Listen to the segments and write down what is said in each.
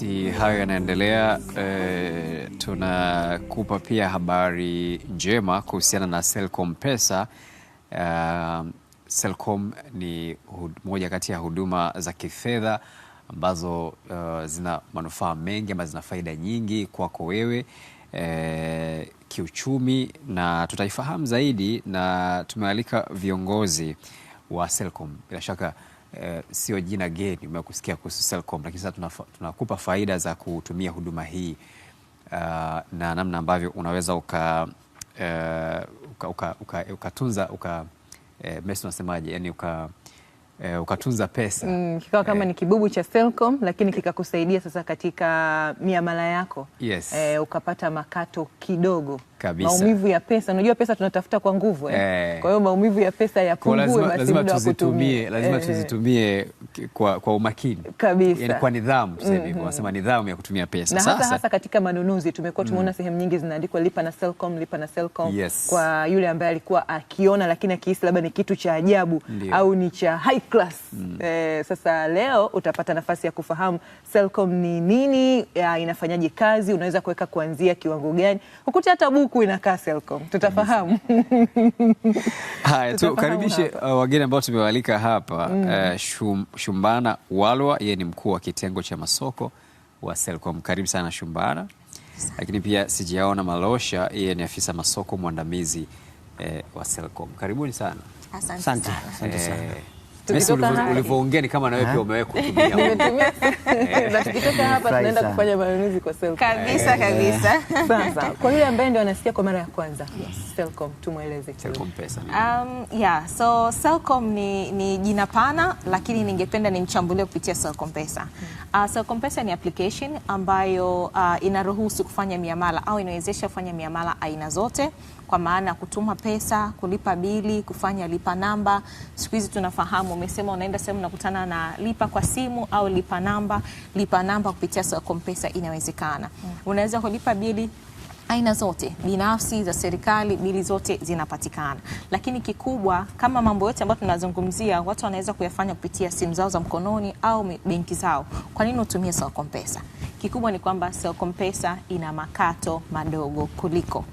wakati hayo yanaendelea, e, tunakupa pia habari njema kuhusiana na Selcom Pesa. Uh, Selcom ni moja kati ya huduma za kifedha ambazo uh, zina manufaa mengi ama zina faida nyingi kwako wewe e, kiuchumi, na tutaifahamu zaidi na tumealika viongozi wa Selcom bila shaka eh, sio jina geni, umekusikia kuhusu Selcom, lakini sasa tunakupa tuna faida za kutumia huduma hii uh, na namna ambavyo unaweza uka uh, uka, uka, uka, ukatunza uka, eh, mesi unasemaje, yani uka E, ukatunza pesa mm, kikawa kama e, ni kibubu cha Selcom lakini kikakusaidia sasa katika miamala yako yes. E, ukapata makato kidogo kabisa. Maumivu ya pesa, unajua pesa tunatafuta kwa nguvu eh. Eh. Kwa hiyo maumivu ya pesa yapungue, lazima, lazima tuzitumie, lazima eh, tuzitumie kwa, kwa umakini kabisa, yani kwa nidhamu sasa hivi mm-hmm. wanasema mm -hmm. nidhamu ya kutumia pesa na sasa, hasa, katika manunuzi tumekuwa mm. tumeona mm. sehemu nyingi zinaandikwa lipa na Selcom, lipa na Selcom yes. kwa yule ambaye alikuwa akiona lakini akihisi labda ni kitu cha ajabu Ndiyo. au ni cha high class mm. -hmm. eh, sasa leo utapata nafasi ya kufahamu Selcom ni nini, ya, inafanyaje kazi, unaweza kuweka kuanzia kiwango gani, ukuta hata huku inakaa Selcom, tutafahamu. Haya, tukaribishe uh, wageni ambao tumewaalika hapa uh, mm. Uh, shum, Shumbana Walwa, yeye ni mkuu wa kitengo cha masoko wa Selcom. Karibu sana Shumbana. Lakini pia Sijaona Malosha, yeye ni afisa masoko mwandamizi eh, wa Selcom. Karibuni sana. Asante sana. Eh, Messi ulivyoongea ni kama nawe pia umewahi kutumia. Eh. Na tukitoka hapa tunaenda kufanya manunuzi kwa Selcom. Kabisa eh. kabisa. Sasa kwa yule ambaye ndio anasikia kwa mara ya kwanza Selcom tumweleze. Selcom Pesa. Um, yeah, so Selcom ni ni jina pana lakini ningependa nimchambulie kupitia Selcom Pesa. Hmm. Uh, Selcom Pesa ni application ambayo uh, inaruhusu kufanya miamala au inawezesha kufanya miamala aina zote kwa maana ya kutuma pesa, kulipa bili, kufanya lipa namba. Siku hizi tunafahamu, umesema unaenda sehemu nakutana na lipa kwa simu au lipa namba. Lipa namba kupitia Selcom Pesa inawezekana. Mm. Unaweza kulipa bili aina zote binafsi za serikali, bili zote zinapatikana. Lakini kikubwa kama mambo yote ambayo tunazungumzia, watu wanaweza kuyafanya kupitia simu zao za mkononi au benki zao. Kwa nini utumie Selcom Pesa? Kikubwa ni kwamba Selcom Pesa ina makato madogo kuliko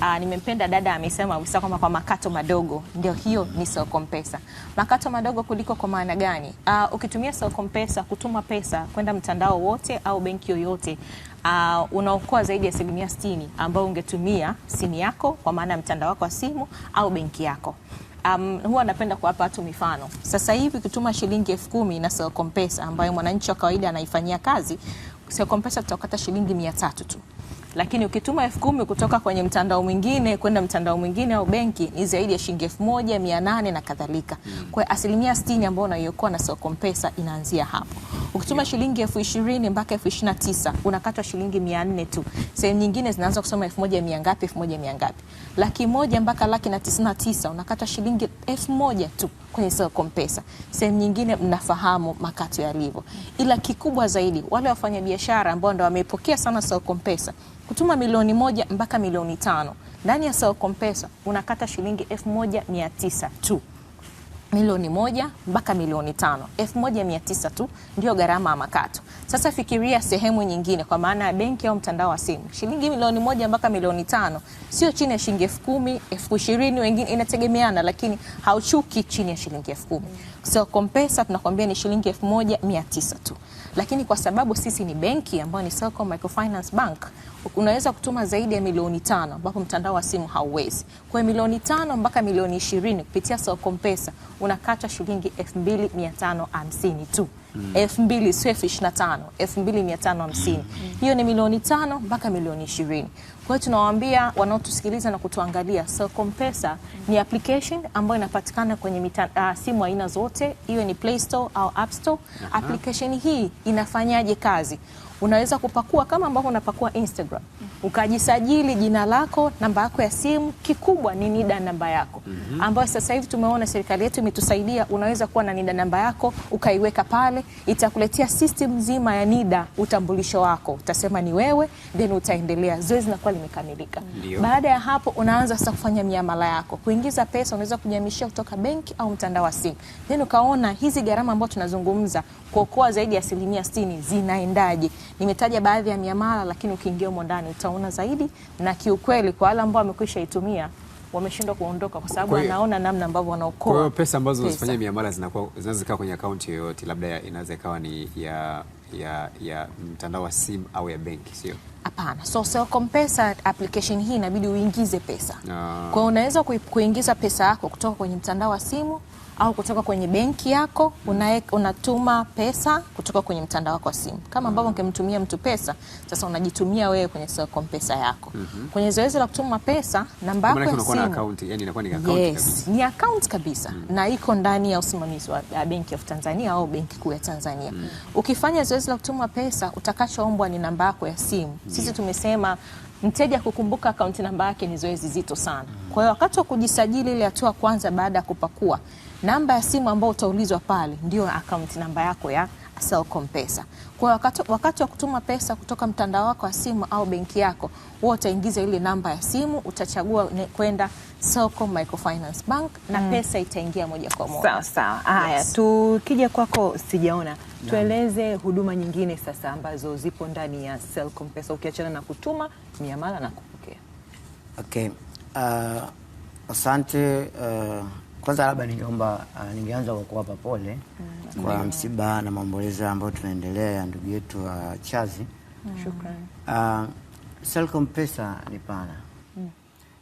Aa, ah, nimempenda dada amesema Wisa kwamba kwa makato madogo ndio hiyo ni Selcom-Pesa. Makato madogo kuliko kwa maana gani? Aa, ah, ukitumia Selcom-Pesa kutuma pesa kwenda mtandao wote au benki yoyote Uh, unaokoa zaidi ya asilimia sitini ambayo ungetumia simu yako kwa maana ya mtandao wako wa simu au benki yako. Um, huwa napenda kuwapa watu mifano. Sasa hivi kutuma shilingi elfu kumi na Selcom Pesa ambayo mwananchi wa kawaida anaifanyia kazi, Selcom Pesa tutakata shilingi mia tatu tu lakini ukituma elfu kumi kutoka kwenye mtandao mwingine kwenda mtandao mwingine au benki ni zaidi ya shilingi elfu moja mia nane na kadhalika. Hmm. Kwa asilimia sitini ambayo unayokuwa na soko mpesa inaanzia hapo. Ukituma shilingi elfu ishirini mpaka elfu ishirini na tisa unakatwa shilingi mia nne tu. Sehemu nyingine zinaanza kusoma elfu moja mia ngapi elfu moja mia ngapi, laki moja mpaka laki na tisini na tisa unakatwa shilingi elfu moja tu kwenye sio mpesa Sehemu nyingine mnafahamu makato yalivyo, ila kikubwa zaidi wale wafanyabiashara ambao ndo wameipokea sana sio mpesa kutuma milioni moja mpaka milioni tano ndani ya sio mpesa unakata shilingi elfu moja mia tisa tu milioni moja mpaka milioni tano, elfu moja mia tisa tu ndio gharama ya makato. Sasa fikiria sehemu nyingine, kwa maana ya benki au mtandao wa simu, shilingi milioni moja mpaka milioni tano, sio chini ya shilingi elfu kumi elfu ishirini wengine inategemeana, lakini hauchuki chini ya shilingi elfu kumi So Kompesa tunakwambia ni shilingi elfu moja mia tisa tu, lakini kwa sababu sisi ni benki ambayo ni Selcom Microfinance Bank unaweza kutuma zaidi ya milioni tano ambapo mtandao wa simu hauwezi. Kwa hiyo milioni tano mpaka milioni ishirini kupitia Sokompesa unakata shilingi elfu mbili mia tano hamsini tu mm. elfu mbili sio elfu ishirini na tano elfu mbili mia tano hamsini mm. Mm. hiyo ni milioni tano mpaka milioni ishirini kwa hiyo tunawaambia wanaotusikiliza na kutuangalia Sokompesa ni application ambayo inapatikana kwenye mita, uh, ah, simu aina zote iwe ni Play Store au App Store application hii inafanyaje kazi unaweza kupakua kama ambavyo unapakua Instagram, ukajisajili jina lako, namba yako ya simu, kikubwa ni NIDA namba yako mm -hmm. ambayo sasa hivi tumeona serikali yetu imetusaidia, unaweza kuwa na NIDA namba yako ukaiweka pale, itakuletea system nzima ya NIDA, utambulisho wako, utasema ni wewe, then utaendelea, zoezi na linakuwa limekamilika. Baada ya hapo, unaanza sasa kufanya miamala yako, kuingiza pesa, unaweza kujihamishia kutoka benki au mtandao wa simu, then ukaona hizi gharama ambazo tunazungumza kuokoa zaidi ya asilimia sitini zinaendaje? Nimetaja baadhi ya miamala, lakini ukiingia humo ndani utaona zaidi, na kiukweli kwa wale ambao wamekwisha itumia wameshindwa kuondoka kwa sababu wanaona namna ambavyo wanaokoa. Kwa hiyo pesa ambazo zinafanya miamala zinakuwa zinaweza kaa kwenye akaunti yoyote, labda inaweza ikawa ni ya ya ya mtandao wa simu au ya benki, sio? Hapana, so Selcom Pesa application hii inabidi uingize pesa. Ah. Kwa hiyo unaweza kuingiza pesa yako kutoka kwenye mtandao wa simu au kutoka kwenye benki yako unae, unatuma pesa kutoka kwenye mtandao wako wa simu kama ambavyo mm-hmm. ungemtumia mtu pesa, sasa unajitumia wewe kwenye Selcom pesa yako. mm -hmm. Kwenye zoezi la kutuma pesa namba yako ya simu account, yani inakuwa ni account yes, kabisa, ni account kabisa. Mm -hmm. na iko ndani ya usimamizi wa Benki of Tanzania au Benki Kuu ya Tanzania. mm -hmm. Ukifanya zoezi la kutuma pesa utakachoombwa ni namba yako ya simu. mm -hmm. Sisi tumesema mteja kukumbuka akaunti namba yake ni zoezi zito sana. mm Kwa hiyo wakati wa kujisajili, ile hatua kwanza baada ya kupakua namba ya simu ambayo utaulizwa pale ndio akaunti namba yako ya Selcom Pesa. Kwa wakati, wakati wa kutuma pesa kutoka mtandao wako wa simu au benki yako, wewe utaingiza ile namba ya simu, utachagua kwenda Selcom Microfinance Bank na mm. pesa itaingia moja kwa moja. Sawa sawa. Haya, yes. Tukija kwako sijaona. Tueleze huduma nyingine sasa ambazo zipo ndani ya Selcom Pesa ukiachana na kutuma miamala na kupokea. Okay. Uh, asante uh, kwanza labda ningeomba uh, ningeanza kwa kuwapa pole mm. kwa msiba na maombolezo ambayo tunaendelea ya ndugu yetu uh, Chazi. Mm. Shukrani. Mm. Uh, Selcom pesa ni pana mm.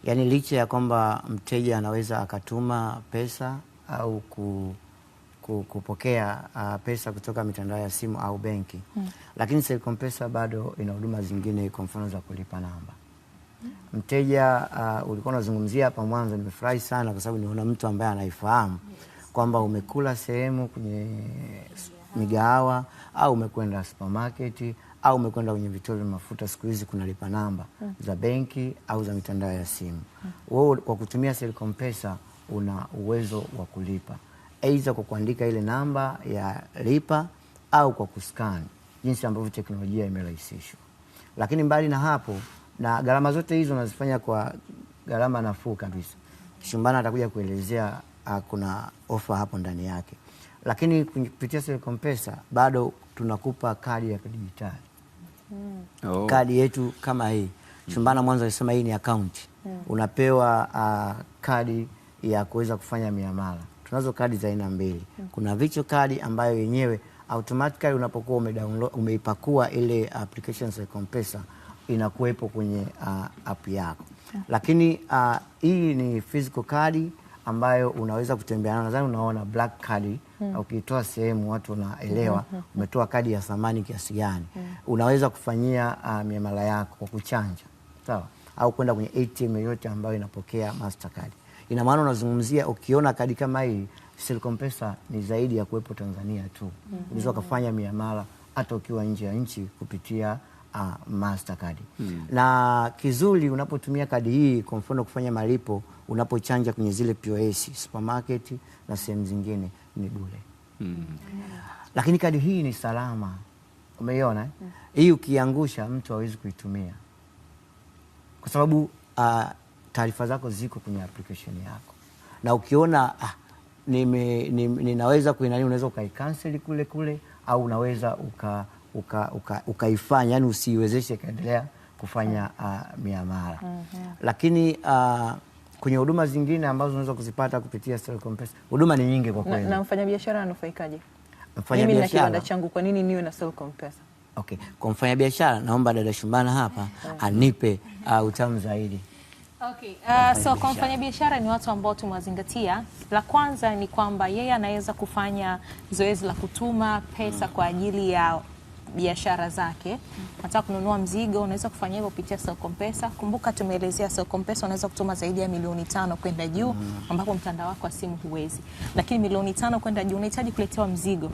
yaani licha ya kwamba mteja anaweza akatuma pesa au ku, ku, kupokea uh, pesa kutoka mitandao ya simu au benki mm. lakini Selcom pesa bado ina huduma zingine, kwa mfano za kulipa namba mteja uh, ulikuwa unazungumzia hapa mwanzo, nimefurahi sana kwa sababu niona mtu ambaye anaifahamu kwamba umekula sehemu kwenye migahawa au umekwenda supermarket au umekwenda kwenye vituo vya mafuta. Siku hizi kuna lipa namba hmm. za benki au za mitandao ya simu wewe hmm. kwa kutumia Selcom Pesa una uwezo wa kulipa aidha kwa kuandika ile namba ya lipa au kwa kuskani, jinsi ambavyo teknolojia imerahisishwa. Lakini mbali na hapo na gharama zote hizo nazifanya kwa gharama nafuu kabisa. Kishumbana atakuja kuelezea ah, kuna ofa hapo ndani yake, lakini kupitia Selcom Pesa bado tunakupa kadi ya kidijitali mm. oh. kadi yetu kama hii Shumbana mwanzo alisema hii ni akaunti mm. unapewa uh, kadi ya kuweza kufanya miamala. Tunazo kadi za aina mbili mm. kuna vicho kadi ambayo yenyewe automatically unapokuwa umedownload umeipakua ile application Selcom Pesa inakuwepo kwenye uh, app yako yeah. Lakini uh, hii ni physical card ambayo unaweza kutembea nayo, nadhani unaona black card mm. Ukitoa sehemu watu wanaelewa hmm, hmm, -hmm. Umetoa kadi ya thamani kiasi gani hmm. Unaweza kufanyia uh, miamala yako kwa kuchanja, sawa au kwenda kwenye ATM yoyote ambayo inapokea Mastercard. Ina maana unazungumzia, ukiona kadi kama hii Silicon Pesa ni zaidi ya kuwepo Tanzania tu, hmm. unaweza -hmm. ukafanya miamala hata ukiwa nje ya nchi kupitia uh, Mastercard mm. Na kizuri unapotumia kadi hii kwa mfano kufanya malipo unapochanja kwenye zile POS, supermarket na sehemu zingine ni bure mm. Lakini kadi hii ni salama, umeiona eh? mm. Hii ukiangusha mtu hawezi kuitumia kwa sababu uh, taarifa zako ziko kwenye application yako, na ukiona ah, ninaweza nime, kuinani unaweza ukaikanseli kule kule au unaweza uka ukaifanya uka, uka yani usiiwezeshe ikaendelea kufanya uh, miamala mm -hmm. Lakini uh, kwenye huduma zingine ambazo unaweza kuzipata kupitia Selcom Pesa, huduma ni nyingi kwa kweli. Na na mfanyabiashara anufaikaje? Mfanyabiashara, Mimi na kiwanda changu, kwa nini niwe na Selcom Pesa? Okay. Kwa mfanyabiashara naomba dada Shumbana hapa mm. anipe uh, utamu zaidi. Okay. Uh, so kwa mfanyabiashara ni watu ambao tumewazingatia. La kwanza ni kwamba yeye anaweza kufanya zoezi la kutuma pesa kwa ajili ya biashara zake, unataka kununua mzigo, unaweza kufanya hivyo kupitia soko mpesa Kumbuka tumeelezea soko mpesa unaweza kutuma zaidi ya milioni tano kwenda juu, mm. ambapo mtandao wako wa simu huwezi, lakini milioni tano kwenda juu unahitaji kuletewa mzigo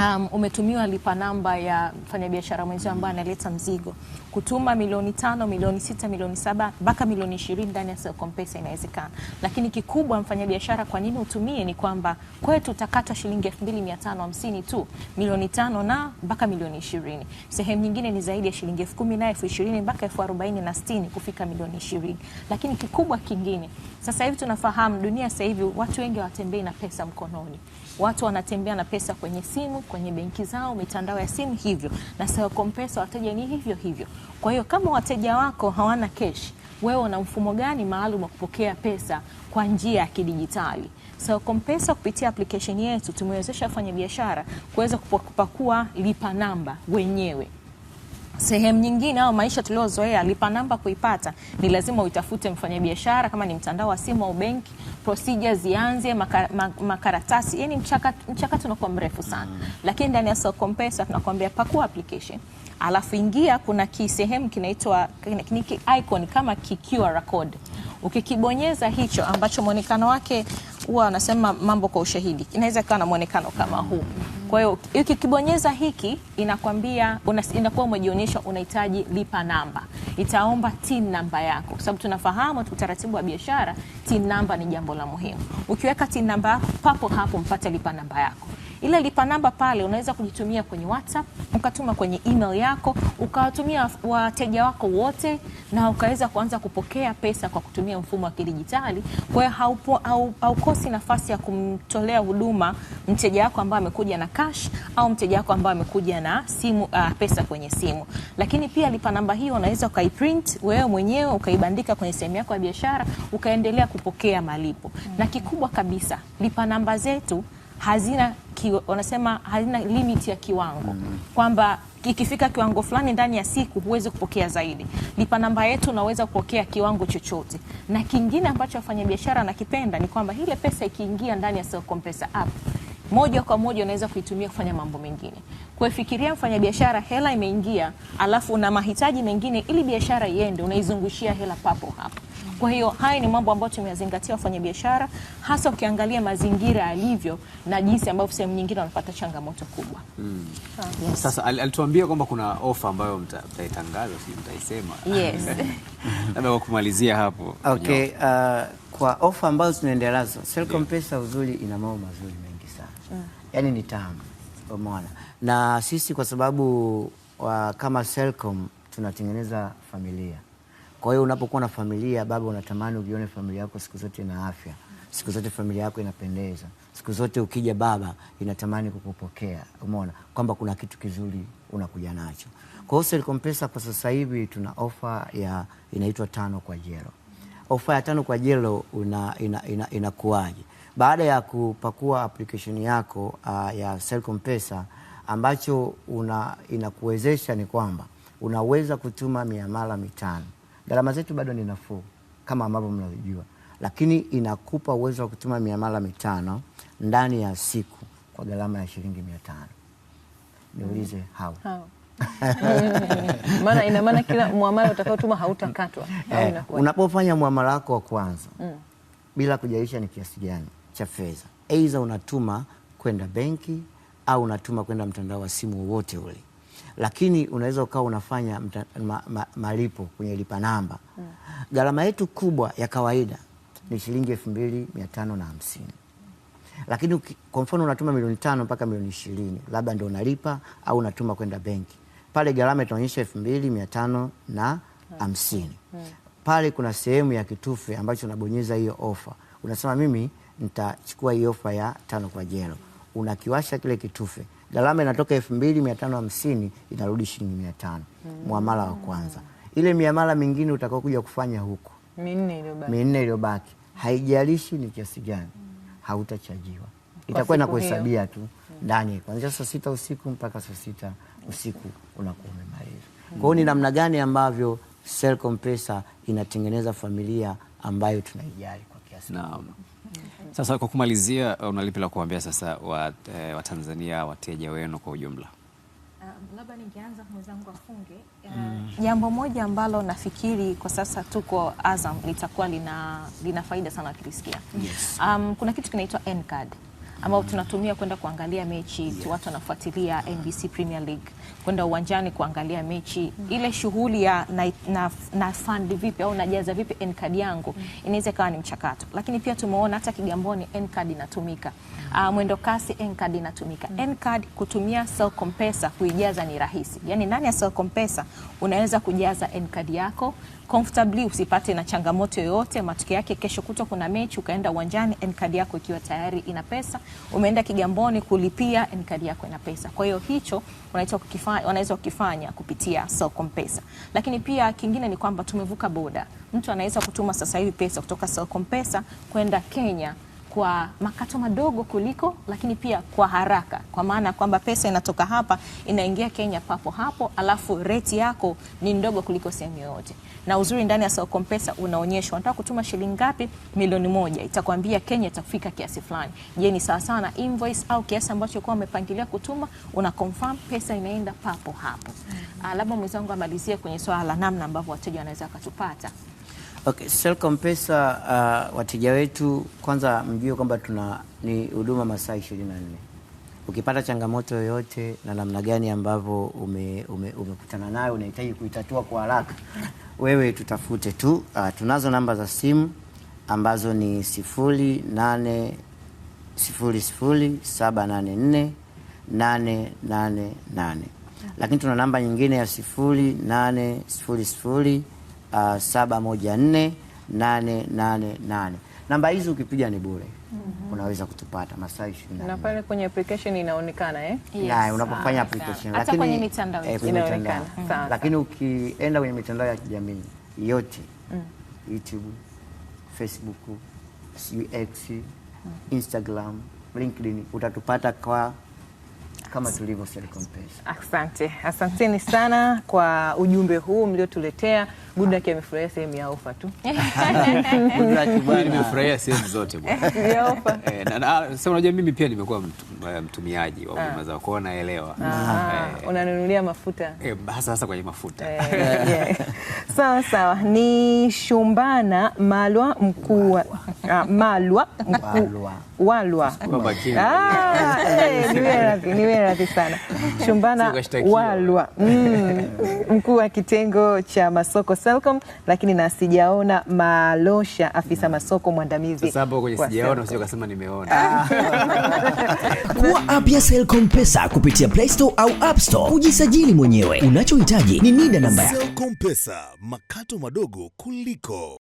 um, umetumiwa lipa namba ya mfanyabiashara mwenzio ambaye analeta mzigo kutuma milioni tano, milioni sita, milioni saba mpaka milioni ishirini ndani ya Selcom Pesa inawezekana. Lakini kikubwa mfanyabiashara, kwa nini utumie? Ni kwamba kwetu utakatwa shilingi 2550 tu, milioni tano na mpaka milioni ishirini. Sehemu nyingine ni zaidi ya shilingi elfu kumi na elfu ishirini mpaka elfu arobaini na sitini kufika milioni ishirini. Lakini kikubwa kingine, sasa hivi tunafahamu dunia sasa hivi watu wengi hawatembei na pesa mkononi, watu wanatembea na pesa kwenye simu kwenye benki zao, mitandao ya simu hivyo, na Selcom wateja ni hivyo hivyo. Kwa hiyo kama wateja wako hawana keshi, wewe una mfumo gani maalum wa kupokea pesa kwa njia ya kidijitali? selcompesa kupitia application yetu tumewezesha wafanyabiashara kuweza kupakua lipa namba wenyewe sehemu nyingine au maisha tuliozoea lipa namba kuipata ni lazima uitafute mfanyabiashara, kama ni mtandao wa simu au benki, procedure zianze makaratasi, yani mchakato mchakato unakuwa mrefu sana. Mm. Lakini ndani ya Selcom Pesa tunakwambia pakua application, alafu ingia, kuna kisehemu kinaitwa icon kama QR code, ukikibonyeza hicho ambacho mwonekano wake huwa anasema mambo kwa ushahidi, inaweza ikawa na mwonekano kama mm. huu. Kwa hiyo ukikibonyeza hiki inakwambia inakuwa umejionyesha unahitaji lipa namba, itaomba TIN namba yako, kwa sababu tunafahamu utaratibu wa biashara, TIN namba ni jambo la muhimu. Ukiweka TIN namba yako papo hapo mpate lipa namba yako. Ile lipa namba pale unaweza kujitumia kwenye WhatsApp, ukatuma kwenye email yako, ukawatumia wateja wako wote, na ukaweza kuanza kupokea pesa kwa kutumia mfumo wa kidijitali. Kwa hiyo haukosi nafasi ya kumtolea huduma mteja wako ambaye amekuja na cash au mteja wako ambaye amekuja na simu, uh, pesa kwenye simu. Lakini pia lipa namba hiyo unaweza ukaiprint wewe mwenyewe ukaibandika kwenye sehemu yako ya biashara ukaendelea kupokea malipo. Na kikubwa kabisa, lipa namba zetu hazina ki, wanasema hazina limit ya kiwango mm. kwamba ikifika kiwango fulani ndani ya siku huwezi kupokea zaidi. Lipa namba yetu unaweza kupokea kiwango chochote. Na kingine ambacho wafanyabiashara anakipenda ni kwamba ile pesa ikiingia ndani ya Selcom Pesa app moja kwa moja unaweza kuitumia kufanya mambo mengine. Kwa fikiria mfanyabiashara, hela imeingia, alafu na mahitaji mengine, ili biashara iende, unaizungushia hela papo hapo. Kwa hiyo haya ni mambo ambayo tumeyazingatia wafanyabiashara, hasa ukiangalia mazingira yalivyo na jinsi ambavyo sehemu nyingine wanapata changamoto kubwa. Mm. Ah, yes. Sasa alituambia kwamba kuna ofa ambayo mtaitangaza, mta, mtaisema? Yes. Labda kumalizia hapo. Okay, uh, kwa ofa ambazo tunaendelea nazo Selcom Pesa, uzuri ina mambo mazuri mengi sana. Mm. Yaani ni tamu. Umeona? Na sisi kwa sababu wa, uh, kama Selcom tunatengeneza familia kwa hiyo unapokuwa na familia baba, unatamani uvione familia yako siku zote na afya, siku zote familia yako inapendeza, siku zote ukija baba inatamani kukupokea. Umeona kwamba kuna kitu kizuri unakuja nacho. Kwa hiyo Selcom Pesa kwa sasa hivi tuna ofa ya inaitwa tano kwa jelo. Ofa ya tano kwa jelo una, ina, ina, Baada ya kupakua application yako uh, ya Selcom Pesa ambacho una, inakuwezesha ni kwamba unaweza kutuma miamala mitano Gharama zetu bado ni nafuu kama ambavyo mnajua, lakini inakupa uwezo wa kutuma miamala mitano ndani ya siku kwa gharama ya shilingi mia tano. Niulize hao maana ina maana kila muamala utakaotuma hautakatwa. Eh, unapofanya muamala wako wa kwanza mm. bila kujaisha ni kiasi gani cha fedha, aidha unatuma kwenda benki au unatuma kwenda mtandao wa simu wowote ule lakini unaweza ukawa unafanya mta, ma, ma, malipo kwenye lipa namba mm. Gharama yetu kubwa ya kawaida ni shilingi elfu mbili mia tano na hamsini lakini kwa mfano unatuma milioni tano mpaka milioni ishirini labda ndio unalipa au unatuma kwenda benki, pale gharama itaonyesha elfu mbili mia tano na hmm. hamsini hmm. Pale kuna sehemu ya kitufe ambacho unabonyeza hiyo ofa, unasema mimi nitachukua hii ofa ya tano kwa jelo, unakiwasha kile kitufe gharama inatoka elfu mbili mia tano hamsini inarudi shilingi mia tano muamala hmm. wa kwanza. Ile miamala mingine utakaokuja kufanya huko minne iliyobaki, haijalishi ni kiasi gani, hautachajiwa, itakuwa kuhesabia tu ndani kuanzia saa sita usiku mpaka saa sita usiku unakuwa umemaliza. Hmm. Kwa hiyo ni namna gani ambavyo Selcom Pesa inatengeneza familia ambayo tunaijali kwa kiasi sasa kwa kumalizia, uh, unalipi la kuambia sasa Watanzania eh, wa wateja wenu kwa ujumla? Um, labda ningeanza mwenzangu afunge uh, mm. jambo mm. moja ambalo nafikiri kwa sasa tuko Azam litakuwa lina, lina faida sana wakilisikia. Yes. Um, kuna kitu kinaitwa N-card ambao mm. tunatumia kwenda kuangalia mechi yes. Watu wanafuatilia NBC Premier League kwenda uwanjani kuangalia mechi mm. -hmm. Ile shughuli ya na, na, na fund vipi au najaza vipi ncard yangu mm. -hmm. inaweza ikawa ni mchakato, lakini pia tumeona hata Kigamboni ncard inatumika mm. uh, mwendo kasi ncard inatumika mm. -hmm. ncard kutumia Selcom Pesa kuijaza ni rahisi, yani ndani ya Selcom Pesa unaweza kujaza ncard yako comfortably usipate na changamoto yoyote. Matokeo yake kesho kutwa kuna mechi, ukaenda uwanjani ncard yako ikiwa tayari ina pesa, umeenda Kigamboni kulipia ncard yako ina pesa. Kwa hiyo hicho unaitwa wanaweza wakifanya kupitia Selcom Pesa. Lakini pia kingine ni kwamba tumevuka boda, mtu anaweza kutuma sasa hivi pesa kutoka Selcom Pesa kwenda Kenya kwa makato madogo kuliko, lakini pia kwa haraka, kwa maana kwamba pesa inatoka hapa inaingia Kenya papo hapo, alafu reti yako ni ndogo kuliko sehemu yoyote. Na uzuri ndani ya Selcom Pesa unaonyeshwa unataka kutuma shilingi ngapi, milioni moja, itakwambia Kenya itafika kiasi fulani. Je, ni sawa sawa na invoice au kiasi ambacho kwa umepangilia kutuma, una confirm pesa inaenda papo hapo. Mm. Ah, labda mwenzangu amalizie kwenye swala la namna ambavyo wateja wanaweza wakatupata. Okay, Selcom Pesa uh, wateja wetu kwanza mjue kwamba tuna ni huduma masaa 24. Ukipata changamoto yoyote na namna gani ambavyo umekutana ume, ume nayo unahitaji kuitatua kwa haraka, wewe tutafute tu. Uh, tunazo namba za simu ambazo ni 0800 nane 888, lakini tuna namba nyingine ya sifuri saba moja nne nane nane nane. Namba hizi ukipiga ni bure mm -hmm. Unaweza kutupata masaa ishirini na nne na pale kwenye application inaonekana eh? Yes, Yeah, unapofanya application hata kwenye mitandao eh, inaonekana mm -hmm. Lakini ukienda kwenye mitandao ya kijamii yote mm. YouTube, Facebook, X, mm. Instagram, LinkedIn utatupata kwa kama tulivyo Selcom Pesa. Asante, asanteni sana kwa ujumbe huu mliotuletea. Good amefurahia sehemu ya ofa tu. Nimefurahia sehemu zote bwana. Ya eh, na sema unajua mimi pia nimekuwa eh, mtumiaji wa huduma ah. zao, kwa naelewa. Ah, eh. Unanunulia mafuta. hasa hasa kwenye mafuta. Sawa sawa, ni Shumbana Malwa mkuu Ah, Malwa Walwa ah, eh, niwe radhi sana Shumbana Walwa mm, mkuu wa kitengo cha masoko Selcom, lakini na sijaona Malosha, afisa masoko mwandamizi. Kuwa ah. app ya Selcom Pesa kupitia Play Store au App Store, kujisajili mwenyewe. Unachohitaji ni NIDA namba yako. Selcom Pesa, makato madogo kuliko